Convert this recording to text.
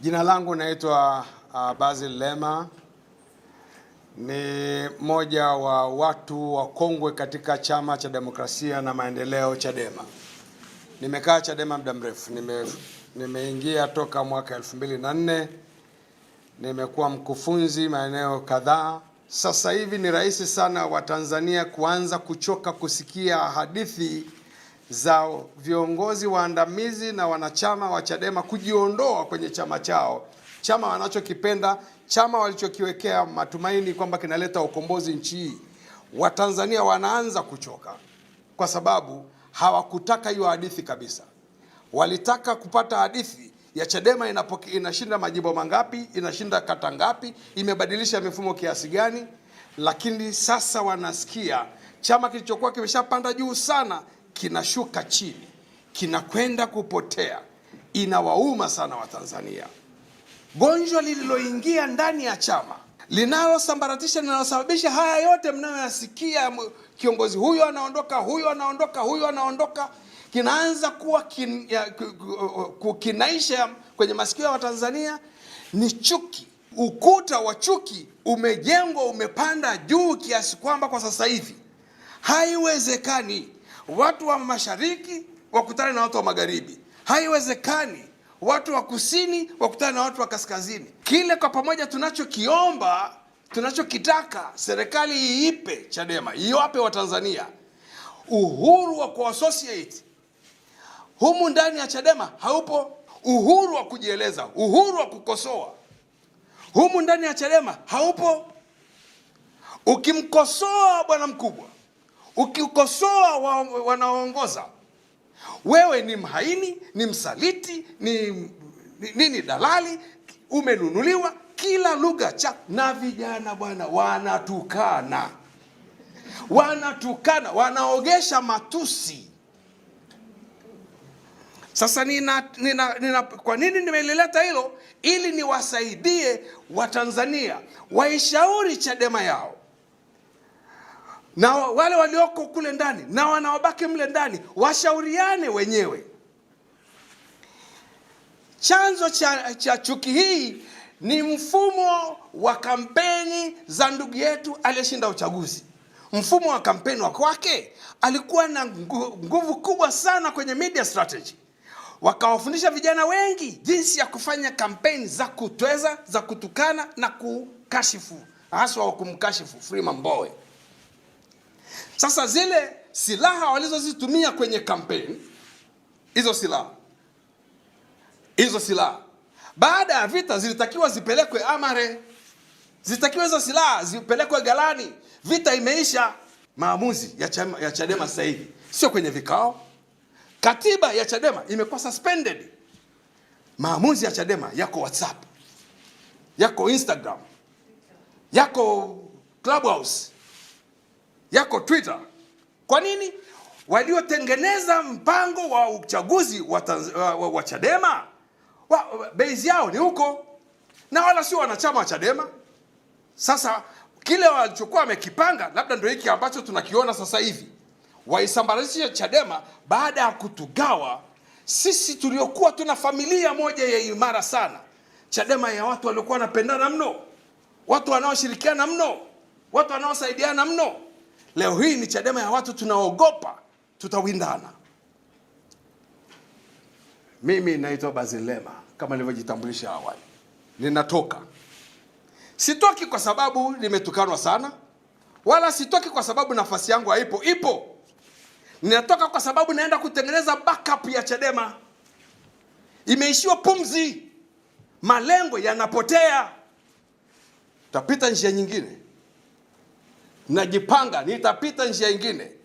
Jina langu naitwa uh, Basil Lema, ni mmoja wa watu wakongwe katika Chama cha Demokrasia na Maendeleo, Chadema. Nimekaa Chadema muda mrefu, nime nimeingia toka mwaka elfu mbili na nne. Nimekuwa mkufunzi maeneo kadhaa. Sasa hivi ni rahisi sana Watanzania kuanza kuchoka kusikia hadithi za viongozi waandamizi na wanachama wa Chadema kujiondoa kwenye chama chao, chama wanachokipenda, chama walichokiwekea matumaini kwamba kinaleta ukombozi nchi hii. Watanzania wanaanza kuchoka kwa sababu hawakutaka hiyo hadithi kabisa. Walitaka kupata hadithi ya Chadema inapoki, inashinda majimbo mangapi, inashinda kata ngapi, imebadilisha mifumo kiasi gani, lakini sasa wanasikia chama kilichokuwa kimeshapanda juu sana kinashuka chini, kinakwenda kupotea. Inawauma sana Watanzania, gonjwa lililoingia ndani ya chama linalosambaratisha, linalosababisha haya yote mnayoyasikia. Kiongozi huyo anaondoka, huyo anaondoka, huyo anaondoka, kinaanza kuwa kin, ya, kinaisha kwenye masikio ya Watanzania ni chuki. Ukuta wa chuki umejengwa, umepanda juu kiasi kwamba kwa sasa hivi haiwezekani watu wa mashariki wakutane na watu wa magharibi. Haiwezekani watu wa kusini wakutane na watu wa kaskazini. Kile kwa pamoja tunachokiomba, tunachokitaka, serikali iipe Chadema, iwape Watanzania uhuru wa kuassociate. Humu ndani ya Chadema haupo uhuru wa kujieleza, uhuru wa kukosoa humu ndani ya Chadema haupo. Ukimkosoa bwana mkubwa Ukikosoa wa, wanaoongoza wewe ni mhaini, ni msaliti, ni nini, dalali, umenunuliwa, kila lugha cha na vijana bwana, wanatukana wanatukana, wanaogesha matusi. Sasa nina, nina, nina, kwa nini nimelileta hilo? Ili niwasaidie Watanzania waishauri Chadema yao na wale walioko kule ndani na wanaobaki mle ndani washauriane wenyewe. Chanzo cha, cha chuki hii ni mfumo wa kampeni za ndugu yetu aliyeshinda uchaguzi. Mfumo wa kampeni wa kwake alikuwa na nguvu kubwa sana kwenye media strategy, wakawafundisha vijana wengi jinsi ya kufanya kampeni za kutweza, za kutukana na kukashifu, haswa wa kumkashifu Freeman Mbowe. Sasa zile silaha walizozitumia kwenye kampeni, hizo silaha hizo silaha baada ya vita zilitakiwa zipelekwe Amare, zilitakiwa hizo silaha zipelekwe galani Vita imeisha. Maamuzi ya chama, ya Chadema sasa hivi sio kwenye vikao. Katiba ya Chadema imekuwa suspended. Maamuzi ya Chadema yako WhatsApp, yako Instagram, yako Clubhouse yako Twitter. Kwa nini? Waliotengeneza mpango wa uchaguzi wa, wa, wa, wa Chadema wa, base yao ni huko na wala sio wanachama wa Chadema. Sasa kile walichokuwa wamekipanga labda ndio hiki ambacho tunakiona sasa hivi, waisambaratisha Chadema baada ya kutugawa sisi tuliokuwa tuna familia moja ya imara sana, Chadema ya watu waliokuwa wanapendana mno, watu wanaoshirikiana mno, watu wanaosaidiana mno. Leo hii ni Chadema ya watu tunaogopa, tutawindana. Mimi naitwa Bazilema kama nilivyojitambulisha awali, ninatoka sitoki kwa sababu nimetukanwa sana, wala sitoki kwa sababu nafasi yangu haipo, ipo. Ninatoka kwa sababu naenda kutengeneza backup ya Chadema. Imeishiwa pumzi, malengo yanapotea, tapita njia nyingine najipanga, nitapita njia ingine